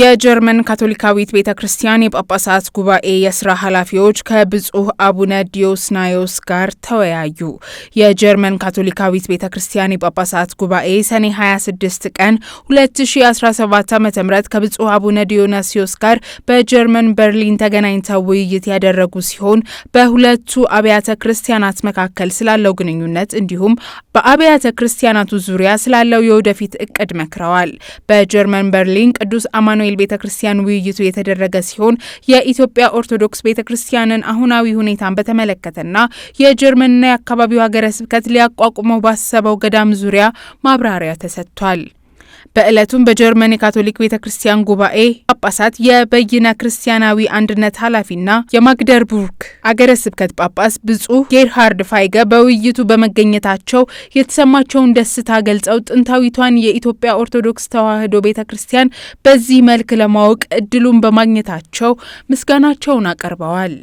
የጀርመን ካቶሊካዊት ቤተ ክርስቲያን የጳጳሳት ጉባኤ የስራ ኃላፊዎች ከብጹህ አቡነ ዲዮስናዮስ ጋር ተወያዩ። የጀርመን ካቶሊካዊት ቤተ ክርስቲያን የጳጳሳት ጉባኤ ሰኔ 26 ቀን 2017 ዓ ም ከብፁዕ አቡነ ዲዮናሲዮስ ጋር በጀርመን በርሊን ተገናኝተው ውይይት ያደረጉ ሲሆን በሁለቱ አብያተ ክርስቲያናት መካከል ስላለው ግንኙነት እንዲሁም በአብያተ ክርስቲያናቱ ዙሪያ ስላለው የወደፊት እቅድ መክረዋል። በጀርመን በርሊን ቅዱስ አማኑኤል ሳሙኤል ቤተ ክርስቲያን ውይይቱ የተደረገ ሲሆን የኢትዮጵያ ኦርቶዶክስ ቤተ ክርስቲያንን አሁናዊ ሁኔታን በተመለከተና የጀርመንና የአካባቢው ሀገረ ስብከት ሊያቋቁመው ባሰበው ገዳም ዙሪያ ማብራሪያ ተሰጥቷል። በዕለቱም በጀርመን የካቶሊክ ቤተ ክርስቲያን ጉባኤ ጳጳሳት የበይነ ክርስቲያናዊ አንድነት ኃላፊና የማግደርቡርግ አገረ ስብከት ጳጳስ ብፁዕ ጌርሃርድ ፋይገ በውይይቱ በመገኘታቸው የተሰማቸውን ደስታ ገልጸው ጥንታዊቷን የኢትዮጵያ ኦርቶዶክስ ተዋሕዶ ቤተ ክርስቲያን በዚህ መልክ ለማወቅ እድሉን በማግኘታቸው ምስጋናቸውን አቀርበዋል